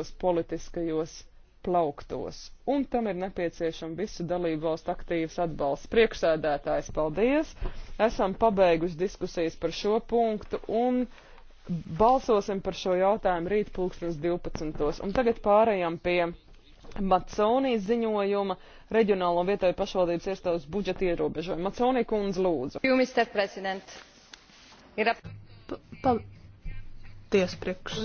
dažādos politiskajos plauktos. Un tam ir nepieciešama visu dalību valstu aktīvas atbalsts. Priekšsēdētājs, paldies! Esam pabeiguši diskusijas par šo punktu un balsosim par šo jautājumu rīt pulkstens 12. Un tagad pārējām pie Maconijas ziņojuma reģionālo vietēju pašvaldības iestādes budžeta ierobežojumu. Maconija kundze lūdzu. You, Mr. President. Ir ap... pa, pa tiesa priekš.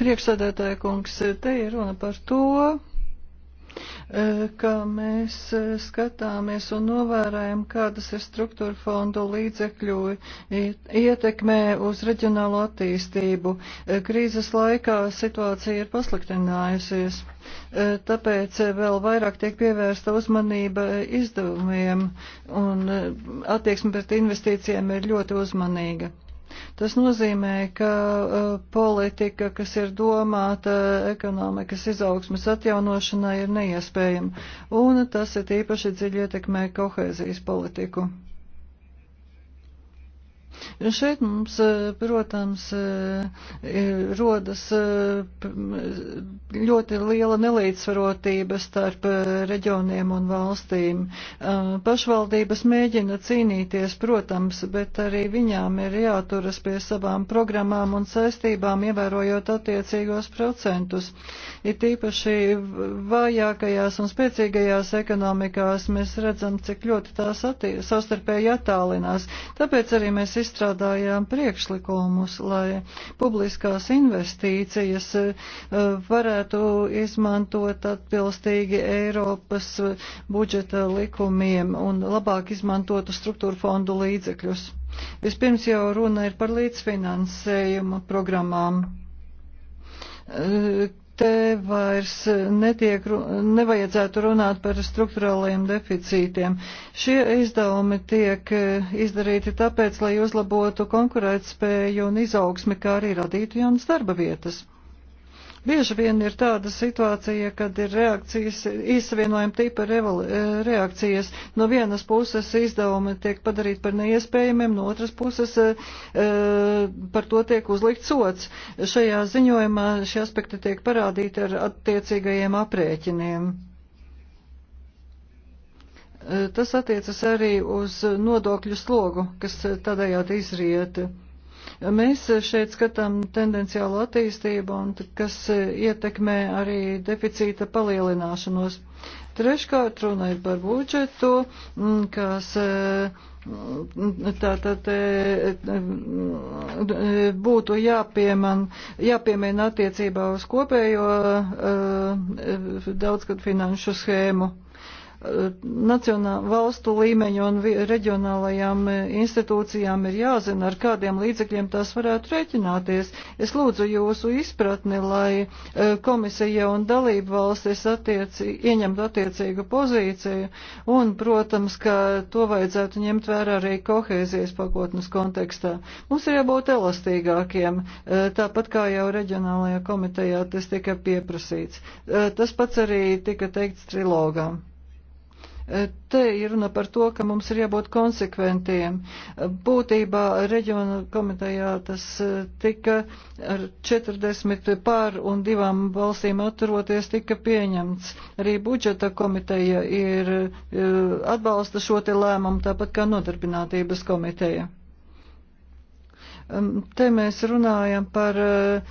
Priekšsēdētāja kungs, te ir runa par to, e, ka mēs e, skatāmies un novērējam, kādas ir struktūra fondu līdzekļu ietekmē uz reģionālo attīstību. E, krīzes laikā situācija ir pasliktinājusies, tāpēc vēl vairāk tiek pievērsta uzmanība izdevumiem un attieksme pret investīcijiem ir ļoti uzmanīga. Tas nozīmē, ka uh, politika, kas ir domāta ekonomikas izaugsmas atjaunošanai, ir neiespējama, un tas ir īpaši dziļi ietekmē kohēzijas politiku. Šeit mums, e, protams, e, e, rodas ļoti liela nelīdzsvarotība starp reģioniem un valstīm. Pašvaldības mēģina cīnīties, protams, bet arī viņām ir jāturas pie savām programmām un saistībām, ievērojot attiecīgos procentus. Ir tīpaši vājākajās un spēcīgajās ekonomikās mēs redzam, cik ļoti tās savstarpēji attālinās. Tāpēc arī mēs izsakojam izstrādājām priekšlikumus, lai publiskās investīcijas eh, varētu izmantot atbilstīgi Eiropas budžeta likumiem un labāk izmantotu struktūra fondu līdzekļus. Vispirms jau runa ir par līdzfinansējumu programmām eh, te vairs netiek, nevajadzētu runāt par struktūrālajiem deficītiem. Šie izdevumi tiek eh, izdarīti tāpēc, lai uzlabotu konkurētspēju un izaugsmi, kā arī radītu jaunas darba vietas. Bieži vien ir tāda situācija, kad ir reakcijas, izsavienojuma tipa e, reakcijas. No vienas puses izdevumi tiek padarīti par neiespējamiem, no otras puses e, e, par to tiek uzlikt sots. Šajā ziņojumā šie aspekti tiek parādīti ar attiecīgajiem aprēķiniem. Tas attiecas arī uz nodokļu slogu, kas tādējādi izriet. Mēs šeit skatām tendenciālu attīstību, un, kas e, ietekmē arī deficīta palielināšanos. Treškārt runa ir par budžetu, kas e, tātad e, būtu jāpieman, jāpiemēna attiecībā uz kopējo daudzgad finanšu schēmu nacionālu valstu līmeņu un reģionālajām e, institūcijām ir jāzina, ar kādiem līdzekļiem tās varētu rēķināties. Es lūdzu jūsu izpratni, lai e, komisija un dalību valstis attieci, ieņemtu attiecīgu pozīciju un, protams, ka to vajadzētu ņemt vērā arī kohēzijas pakotnes kontekstā. Mums ir jābūt elastīgākiem, e, tāpat kā jau reģionālajā komitejā tas tika pieprasīts. Tas pats arī tika teikts trilogām. Te ir runa par to, ka mums ir jābūt konsekventiem. Būtībā reģiona komitejā tas eh, tika ar 40 pār un divām valstīm atturoties tika pieņemts. Arī budžeta komiteja ir eh, atbalsta šo te lēmumu, tāpat kā nodarbinātības komiteja. Um, te mēs runājam par uh,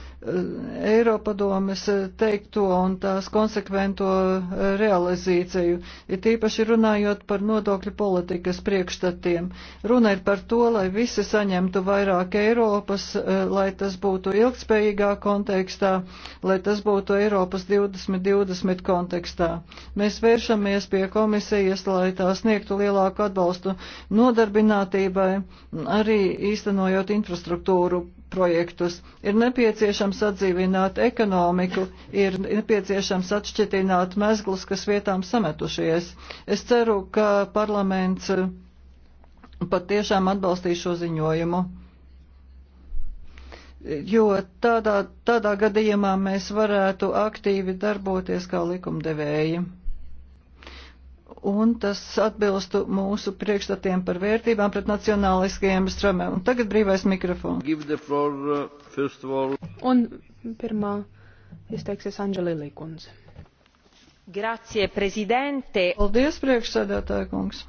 Eiropadomes uh, teikto un tās konsekvento uh, realizāciju, ir tīpaši runājot par nodokļu politikas priekšstatiem. Runa ir par to, lai visi saņemtu vairāk Eiropas, lai tas būtu ilgspējīgā kontekstā, lai tas būtu Eiropas 2020 kontekstā. Mēs vēršamies pie komisijas, lai tā sniegtu lielāku atbalstu nodarbinātībai, arī īstenojot infrastruktūru infrastruktūru projektus. Ir nepieciešams atdzīvināt ekonomiku, ir nepieciešams atšķitināt mezglus, kas vietām sametušies. Es ceru, ka parlaments eh, patiešām atbalstīs šo ziņojumu. Jo tādā, tādā gadījumā mēs varētu aktīvi darboties kā likumdevēji un tas atbilstu mūsu priekšstatiem par vērtībām pret nacionāliskajiem stramēm. Un tagad brīvais mikrofons. Uh, un pirmā izteiksies Anģela Līkundze. Grazie, prezidente. Paldies, priekšsēdētāja kungs.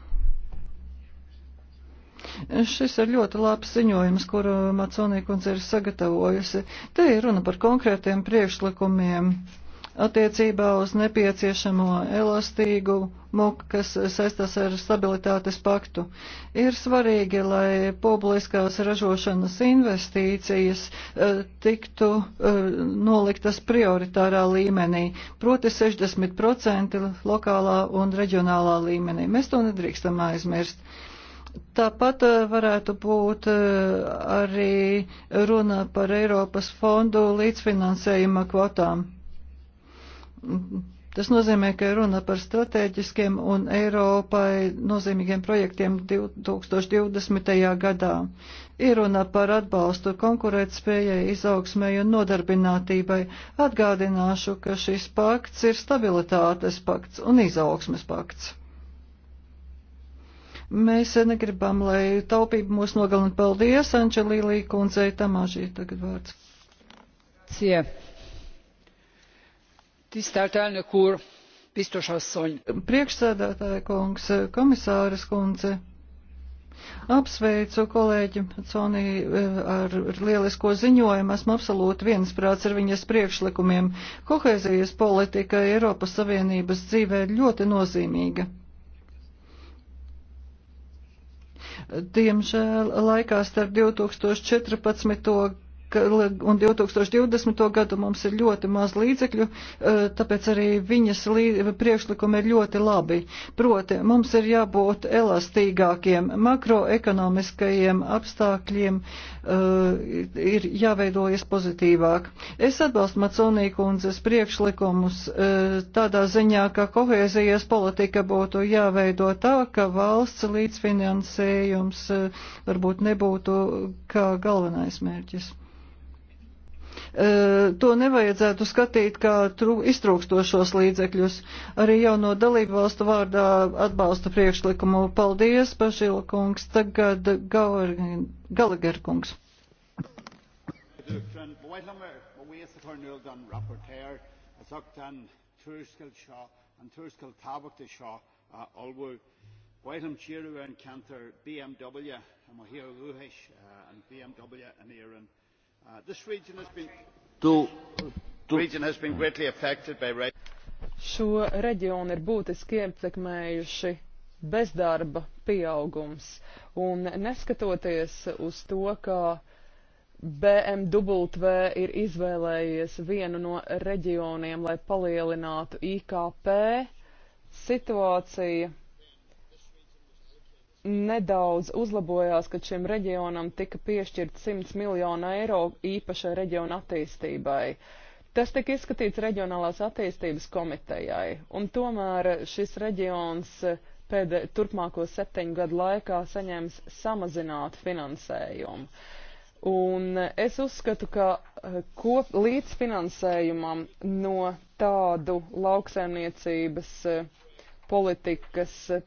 Šis ir ļoti labs ziņojums, kuru Maconīkundze ir sagatavojusi. Te ir runa par konkrētiem priekšlikumiem. Uh, attiecībā uz nepieciešamo elastīgumu, kas saistās ar stabilitātes paktu. Ir svarīgi, lai publiskās ražošanas investīcijas eh, tiktu eh, noliktas prioritārā līmenī, proti 60% lokālā un reģionālā līmenī. Mēs to nedrīkstam aizmirst. Tāpat eh, varētu būt arī runa par Eiropas fondu līdzfinansējuma kvotām. Tas nozīmē, ka runa par strateģiskiem un Eiropai nozīmīgiem projektiem 2020. gadā. Ir runa par atbalstu konkurētspējai, izaugsmai un nodarbinātībai. Atgādināšu, ka šis pakts ir stabilitātes pakts un izaugsmes pakts. Mēs negribam, lai taupība mūs nogalina. Paldies, Anģelīlī kundzei, Tamāžī tagad vārds. Cie tisztelt elnök úr biztos asszony priekšsēdētāja kungs komisāres kundze Apsveicu kolēģi Conī e, ar lielisko ziņojumu. Esmu absolūti viensprāts ar viņas priekšlikumiem. Kohēzijas politika Eiropas Savienības dzīvē ir ļoti nozīmīga. Diemžēl laikā starp 2014 un 2020. gadu mums ir ļoti maz līdzekļu, e, tāpēc arī viņas priekšlikumi ir ļoti labi. Proti, mums ir jābūt elastīgākiem makroekonomiskajiem apstākļiem, e, ir jāveidojas pozitīvāk. Es atbalstu Maconī kundzes priekšlikumus e, tādā ziņā, ka kohēzijas politika būtu jāveido tā, ka valsts līdzfinansējums varbūt nebūtu kā galvenais mērķis to nevajadzētu skatīt kā iztrūkstošos līdzekļus. Arī jauno dalību valstu vārdā atbalsta priekšlikumu. Paldies, Pašila kungs, tagad Galager kungs. Whiteham Chiru and Cantor BMW and Mahir Ruhish and BMW and Aaron Uh, Šo reģionu ir būtiski ietekmējuši bezdarba pieaugums, un neskatoties uz to, ka BMW ir izvēlējies vienu no reģioniem, lai palielinātu IKP, situācija nedaudz uzlabojās, kad šim reģionam tika piešķirt 100 miljonu eiro īpašai reģiona attīstībai. Tas tika izskatīts reģionālās attīstības komitejai, un tomēr šis reģions pēd turpmāko septiņu gadu laikā saņems samazinātu finansējumu. Un es uzskatu, ka eh, kop, līdzfinansējumam no tādu lauksaimniecības eh, politikas eh,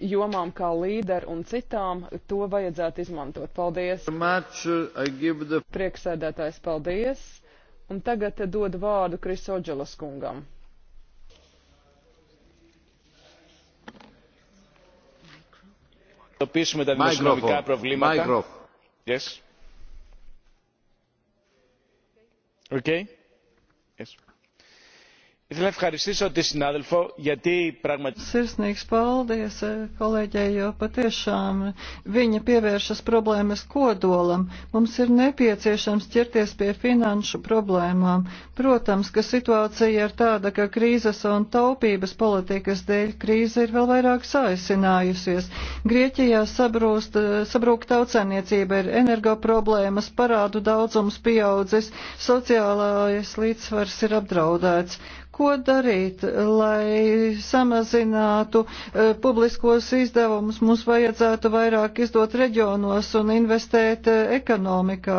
jomām kā līderi un citām, to vajadzētu izmantot. Paldies! The... Prieksēdētājs, paldies! Un tagad dodu vārdu Krisoģelas kungam. αντιμετωπίσουμε τα δημοσιονομικά προβλήματα. Yes. Okay. Ήθελα να ευχαριστήσω τη συνάδελφο γιατί πραγματικά. Sirsnīgs paldies eh, kolēģei, jo patiešām viņa pievēršas problēmas kodolam. Mums ir nepieciešams ķerties pie finanšu problēmām. Protams, ka situācija ir tāda, ka krīzes un taupības politikas dēļ krīze ir vēl vairāk saisinājusies. Grieķijā sabrūst, eh, sabrūk tautsēniecība, ir energo problēmas, parādu daudzums pieaudzis, sociālais līdzsvars ir apdraudēts. Ko ko darīt, lai samazinātu eh, publiskos izdevumus. Mums vajadzētu vairāk izdot reģionos un investēt eh, ekonomikā.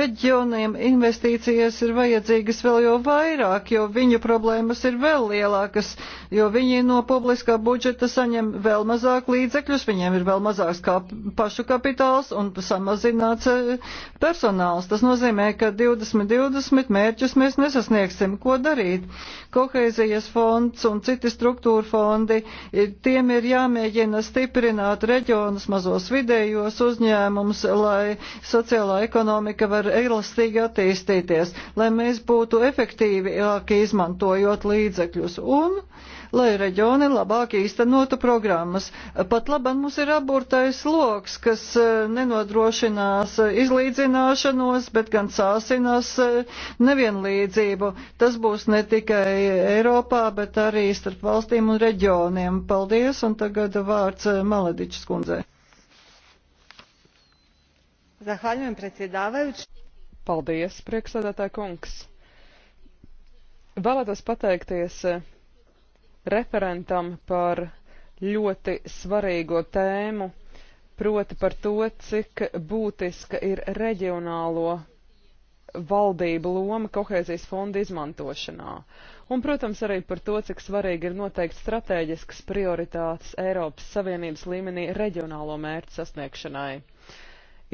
Reģioniem investīcijas ir vajadzīgas vēl jau vairāk, jo viņu problēmas ir vēl lielākas, jo viņi no publiskā budžeta saņem vēl mazāk līdzekļus, viņiem ir vēl mazāks kap pašu kapitāls un samazināts eh, personāls. Tas nozīmē, ka 2020 mērķus mēs nesasniegsim. Ko darīt? Kohēzijas fonds un citi struktūra fondi, tiem ir jāmēģina stiprināt reģionus, mazos vidējos uzņēmumus, lai sociālā ekonomika var elastīgi attīstīties, lai mēs būtu efektīvāki izmantojot līdzekļus. Un lai reģioni labāk īstenotu programmas. Pat labam mums ir aburtais loks, kas e, nenodrošinās izlīdzināšanos, bet gan sāsinās e, nevienlīdzību. Tas būs ne tikai Eiropā, bet arī starp valstīm un reģioniem. Paldies, un tagad vārds eh, Maledičs kundzei. Zahvaļņojam predsēdāvajuši. Paldies, priekšsēdētāja kungs. Vēlētos pateikties eh, referentam par ļoti svarīgo tēmu, proti par to, cik būtiska ir reģionālo valdību loma kohēzijas fonda izmantošanā un, protams, arī par to, cik svarīgi ir noteikt stratēģiskas prioritātes Eiropas Savienības līmenī reģionālo mērķu sasniegšanai.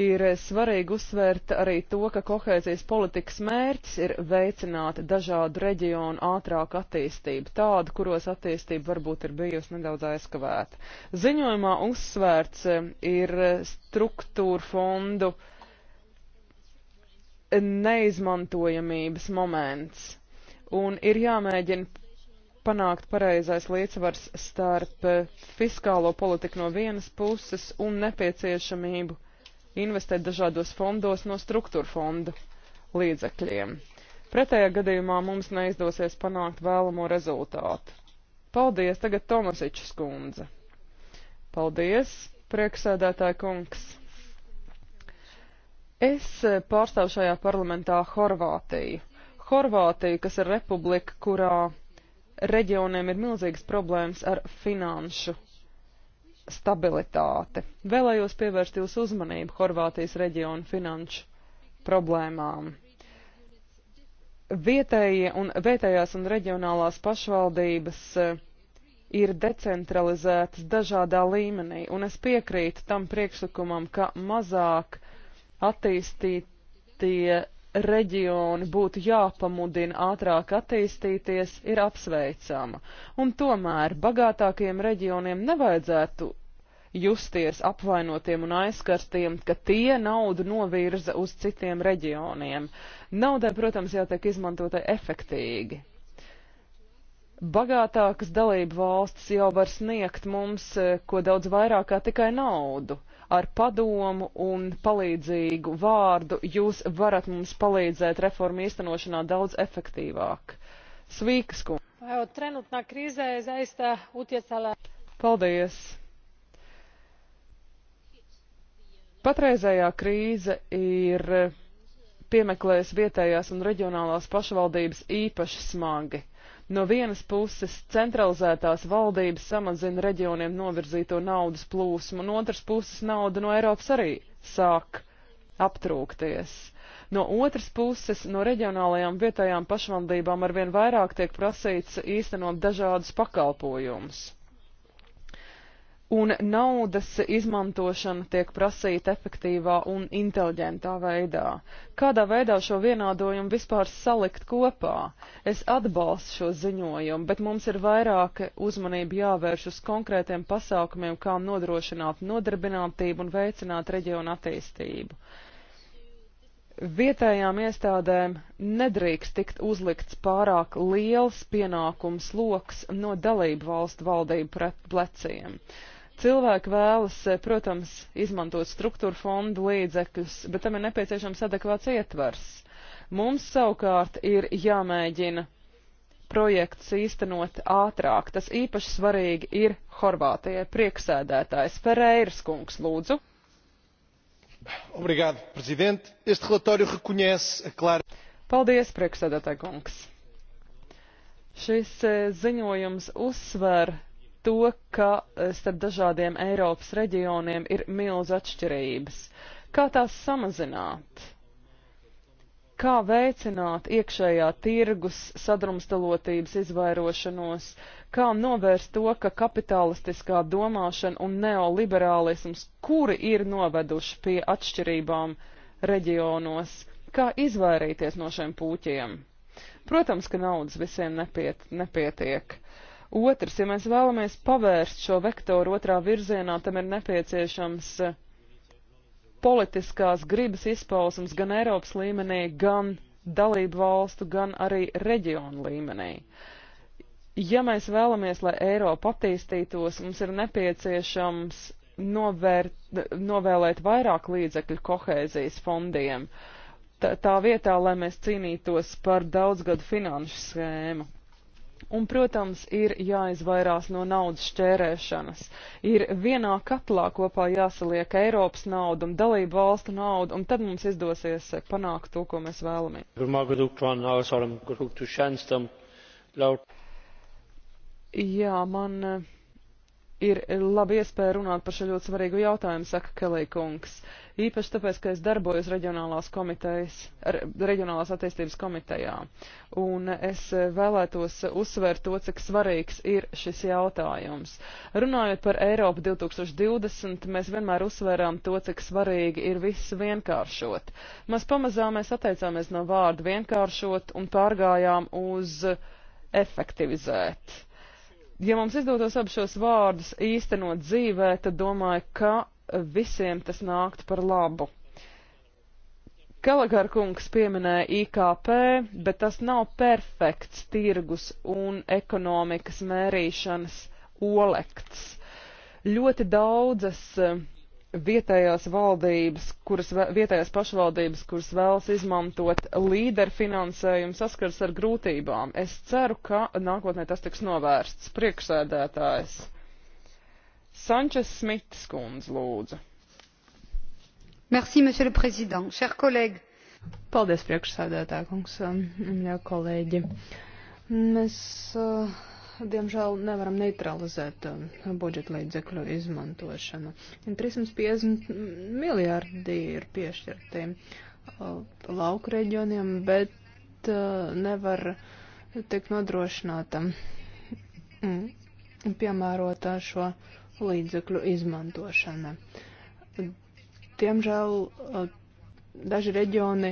Ir svarīgi uzsvērt arī to, ka kohēzijas politikas mērķis ir veicināt dažādu reģionu ātrāku attīstību, tādu, kuros attīstība varbūt ir bijusi nedaudz aizkavēta. Ziņojumā uzsvērts eh, ir struktūra fondu neizmantojamības moments un ir jāmēģina panākt pareizais līdzsvars starp eh, fiskālo politiku no vienas puses un nepieciešamību investēt dažādos fondos no struktūra fonda līdzekļiem. Pretējā gadījumā mums neizdosies panākt vēlamo rezultātu. Paldies, tagad Tomasičs kundze. Paldies, prieksēdētāja kungs. Es eh, pārstāvu šajā parlamentā Horvātiju Horvātiju, kas ir republika, kurā reģioniem ir milzīgas problēmas ar finanšu stabilitāti. Vēlējos pievērst jūsu uzmanību Horvātijas reģionu finanšu problēmām. Vietējie un vietējās un reģionālās pašvaldības eh, ir decentralizētas dažādā līmenī, un es piekrītu tam priekšlikumam, ka mazāk attīstītie reģioni būtu jāpamudina ātrāk attīstīties, ir apsveicama. Un tomēr bagātākajiem reģioniem nevajadzētu justies apvainotiem un aizskartiem, ka tie naudu novirza uz citiem reģioniem. Naudai, protams, jātiek izmantotai efektīgi bagātākas dalību valstis jau var sniegt mums e, ko daudz vairāk kā tikai naudu. Ar padomu un palīdzīgu vārdu jūs varat mums palīdzēt reformu īstenošanā daudz efektīvāk. Svīkas kundze. Trenutnā krīzē zaista utiecala. Paldies. Patreizējā krīze ir piemeklējusi vietējās un reģionālās pašvaldības īpaši smagi No vienas puses centralizētās valdības samazina reģioniem novirzīto naudas plūsmu, un otras puses nauda no Eiropas arī sāk aptrūkties. No otras puses, no reģionālajām vietējām pašvaldībām arvien vairāk tiek prasīts īstenot dažādus pakalpojumus un naudas izmantošana tiek prasīta efektīvā un inteliģentā veidā. Kādā veidā šo vienādojumu vispār salikt kopā? Es atbalstu šo ziņojumu, bet mums ir vairāk uzmanība jāvērš uz konkrētiem pasākumiem, kā nodrošināt nodarbinātību un veicināt reģionu attīstību. Vietējām iestādēm nedrīkst tikt uzlikts pārāk liels pienākums loks no dalību valstu valdību pleciem. Pret Cilvēki vēlas, eh, protams, izmantot struktūra fondu līdzekļus, bet tam ir nepieciešams adekvāts ietvars. Mums savukārt ir jāmēģina projekts īstenot ātrāk. Tas īpaši svarīgi ir Horvātijai prieksēdētājs Ferreiras kungs, lūdzu. Obrigado, prezident. Este relatório reconhece a clara. Paldies, prieksēdētāj kungs. Šis eh, ziņojums uzsver to, ka e, starp dažādiem Eiropas reģioniem ir milz atšķirības. Kā tās samazināt? Kā veicināt iekšējā tirgus sadrumstalotības izvairošanos? Kā novērst to, ka kapitalistiskā domāšana un neoliberālisms, kuri ir noveduši pie atšķirībām reģionos, kā izvairīties no šiem pūķiem? Protams, ka naudas visiem nepiet, nepietiek. Otrs, ja mēs vēlamies pavērst šo vektoru otrā virzienā, tam ir nepieciešams eh, politiskās gribas izpausmes gan Eiropas līmenī, gan dalību valstu, gan arī reģionu līmenī. Ja mēs vēlamies, lai Eiropa attīstītos, mums ir nepieciešams novērt, novēlēt vairāk līdzekļu kohēzijas fondiem, tā, tā vietā, lai mēs cīnītos par daudzgadu finanšu schēmu. Un, protams, ir jāizvairās no naudas šķērēšanas. Ir vienā katlā kopā jāsaliek Eiropas nauda un dalību valstu nauda, un tad mums izdosies panākt to, ko mēs vēlamies. Jā, man ir laba iespēja runāt par šo ļoti svarīgu jautājumu, saka Kelīkungs. Īpaši tāpēc, ka es darbojos reģionālās komitejas, reģionālās attīstības komitejā. Un es vēlētos uzsvērt to, cik svarīgs ir šis jautājums. Runājot par Eiropu 2020, mēs vienmēr uzsvērām to, cik svarīgi ir viss vienkāršot. Mēs pamazām mēs atteicāmies no vārda vienkāršot un pārgājām uz efektivizēt Ja mums izdotos ap šos vārdus īstenot dzīvē, tad domāju, ka visiem tas nākt par labu. Kalagara kungs pieminēja IKP, bet tas nav perfekts tirgus un ekonomikas mērīšanas olekts. Ļoti daudzas vietējās valdības, kuras, vietējās pašvaldības, kuras vēlas izmantot līderfinansējumu, saskars ar grūtībām. Es ceru, ka nākotnē tas tiks novērsts. Priekšsēdētājs Sančes Smits kundze lūdzu. Merci, monsieur le président. Chers collègues. Paldies, priekšsēdētāj kungs, mīļā um, kolēģi. Mēs uh, diemžēl nevaram neutralizēt um, budžeta līdzekļu izmantošanu. 350 miljārdi ir piešķirti uh, lauku reģioniem, bet uh, nevar tikt nodrošināta mm, piemērotā šo līdzekļu izmantošana. Diemžēl uh, daži reģioni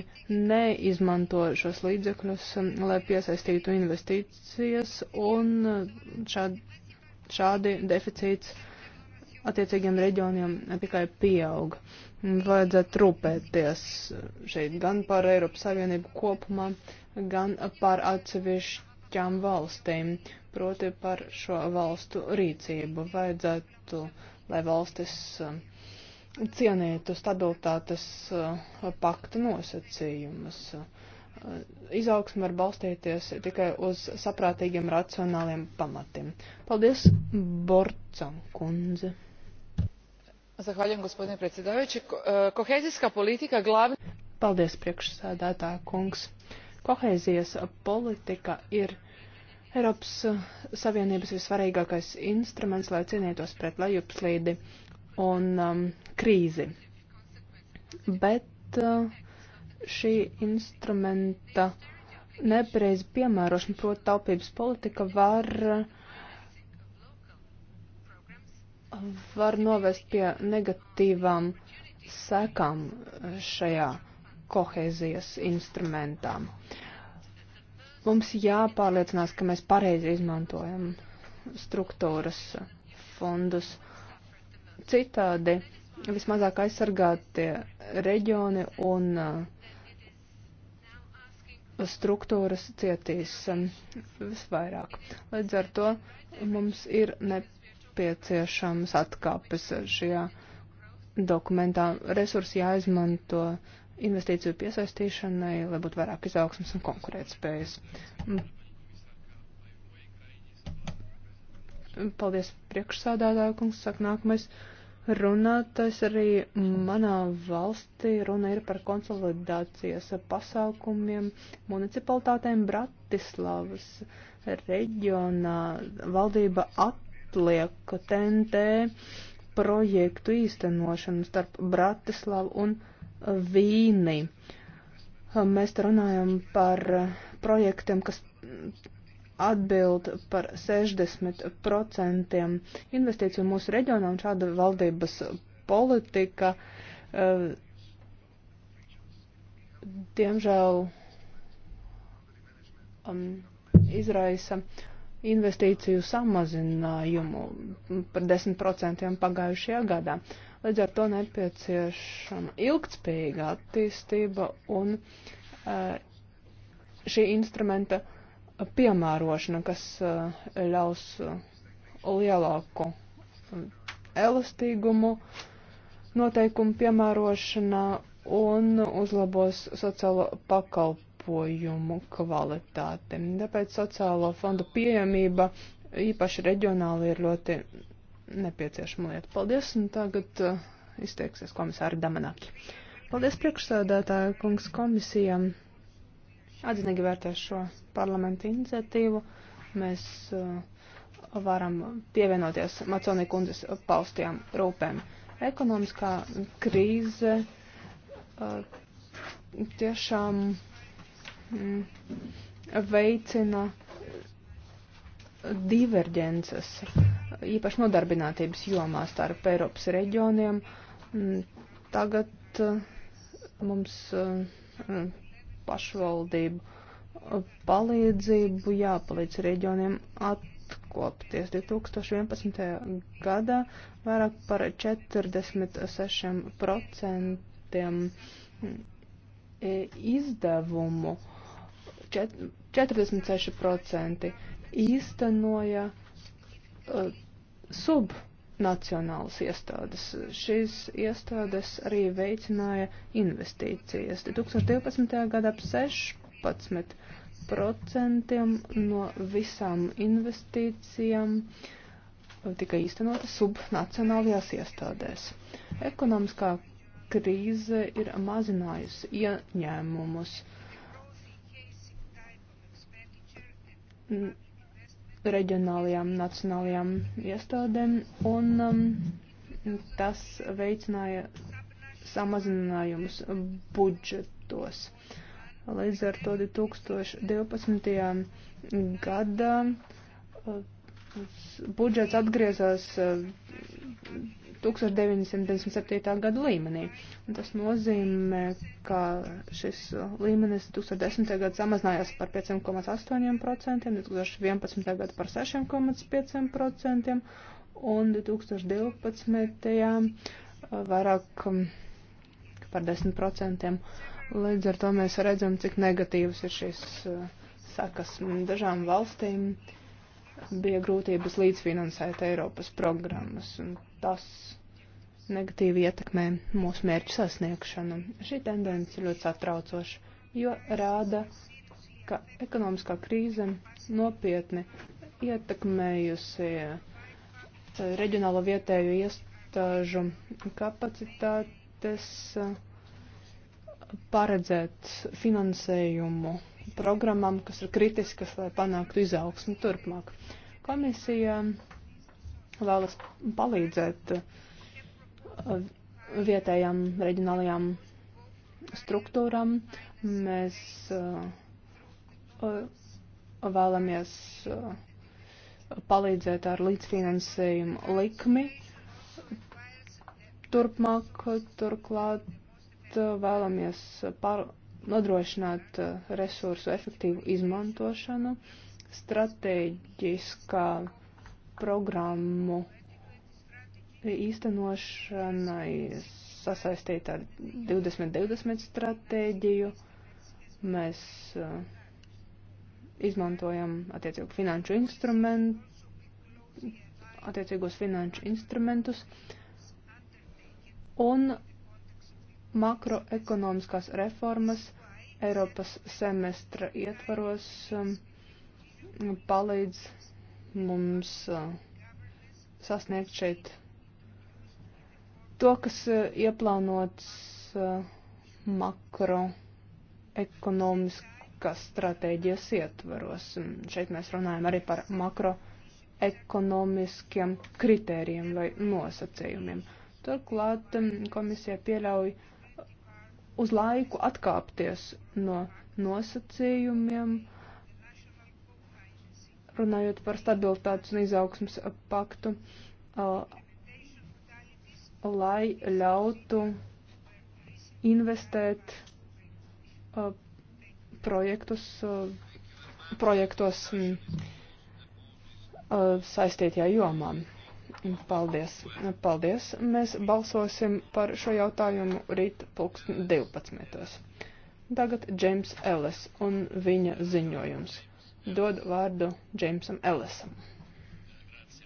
neizmanto šos līdzekļus, um, lai piesaistītu investīcijas, un uh, šād, šādi deficīts attiecīgiem reģioniem tikai pieaug. Vajadzētu rūpēties šeit gan par Eiropas Savienību kopumā, gan par atsevišķām valstīm, proti par šo valstu rīcību. Vajadzētu, lai valstis uh, cienītu stabilitātes uh, pakta nosacījumus. Uh, izaugsme var balstīties tikai uz saprātīgiem racionāliem pamatiem. Paldies, Borcam kundze. Zahvaļam, gospodine predsedavajući. Uh, kohezijska politika glavna... Paldies, priekšsēdētā kungs. Kohēzijas politika ir Eiropas Savienības visvarīgākais instruments, lai cīnītos pret lejupslīdi. Uh, un um, krīzi. Bet uh, šī instrumenta nepareizi piemērošana, proti taupības politika, var, var novest pie negatīvām sekām šajā kohēzijas instrumentā. Mums jāpārliecinās, ka mēs pareizi izmantojam struktūras fondus Citādi vismazāk aizsargātie reģioni un uh, struktūras cietīs um, visvairāk. Līdz ar to mums ir nepieciešams atkāpes šajā dokumentā. Resursi jāizmanto investīciju piesaistīšanai, lai būtu vairāk izaugsmas un konkurētspējas. Paldies priekšsādātāju, kungs, saka nākamais. Uh, runātais arī manā valstī. Runa ir par konsolidācijas pasākumiem municipalitātēm Bratislavas reģionā. Valdība atliek TNT projektu īstenošanu starp Bratislavu un Vīni. Mēs runājam par projektiem, kas atbild par 60% investīciju mūsu reģionā, un šāda valdības politika, uh, diemžēl, um, izraisa investīciju samazinājumu par 10% pagājušajā gadā. Līdz ar to nepieciešama ilgtspējīga attīstība un uh, šī instrumenta uh, piemērošana, kas eh, ļaus eh, lielāku mm, elastīgumu noteikumu piemērošanā un uzlabos sociālo pakalpojumu kvalitāti. Tāpēc sociālo fondu pieejamība īpaši reģionāli ir ļoti nepieciešama lieta. Paldies, un tagad eh, izteiksies komisāri Damanaki. Paldies priekšsēdētāju kungs komisijam atzinīgi vērtē šo parlamentu iniciatīvu. Mēs uh, varam pievienoties Maconija kundzes paustajām rūpēm. Ekonomiskā krīze uh, tiešām mm, veicina diverģences, īpaši nodarbinātības jomā starp Eiropas reģioniem. Mm, tagad uh, mums pašvaldību palīdzību jāpalīdz reģioniem atkopties. 2011. gadā vairāk par 46% e, izdevumu 46% īstenoja uh, sub nacionālas iestādes. Šīs iestādes arī veicināja investīcijas. 2012. gadā ap 16 procentiem no visām investīcijām uh, tika īstenota subnacionālajās iestādēs. Ekonomiskā krīze ir mazinājusi ieņēmumus reģionālajām nacionālajām iestādēm, un um, tas veicināja samazinājumus budžetos. Līdz ar to 2012. gadā uh, budžets atgriezās uh, 1997. gada līmenī. Un tas nozīmē, ka šis līmenis 2010. gadā samazinājās par 5,8%, 2011. gadā par 6,5% un 2012. vairāk um, par 10%. Līdz ar to mēs redzam, cik negatīvas ir šīs uh, sakas dažām valstīm. Uh, bija grūtības līdzfinansēt Eiropas programmas, un tas negatīvi ietekmē mūsu mērķu sasniegšanu. Šī tendence ir ļoti satraucoša, jo rāda, ka ekonomiskā krīze nopietni ietekmējusi eh, reģionālo vietēju iestāžu kapacitātes eh, paredzēt finansējumu programmām, kas ir kritiskas, lai panāktu izaugsmu turpmāk. Komisija vēlas palīdzēt uh, vietējām reģionālajām struktūram. Mēs uh, uh, vēlamies palīdzēt ar līdzfinansējumu likmi. Turpmāk, turklāt vēlamies par, nodrošināt uh, resursu efektīvu izmantošanu, stratēģiskā programmu īstenošanai sasaistīt ar 2020 stratēģiju. Mēs uh, izmantojam attiecīgu finanšu instrumentu, attiecīgos finanšu instrumentus. Un makroekonomiskās reformas Eiropas semestra ietvaros um, palīdz mums uh, sasniegt šeit to, kas uh, ieplānots uh, makroekonomiskās stratēģijas ietvaros. Šeit mēs runājam arī par makroekonomiskiem kritērijiem vai nosacījumiem. Turklāt um, komisija pieļauj uh, uz laiku atkāpties no nosacījumiem, runājot par stabilitātes un izaugsmas paktu, lai ļautu investēt projektus, projektos saistītajā jomā. Paldies. Paldies. Mēs balsosim par šo jautājumu rīt pulksten 12. Tagad Džeims Ellis un viņa ziņojums. Dod vārdu Džeimsam Ellisam.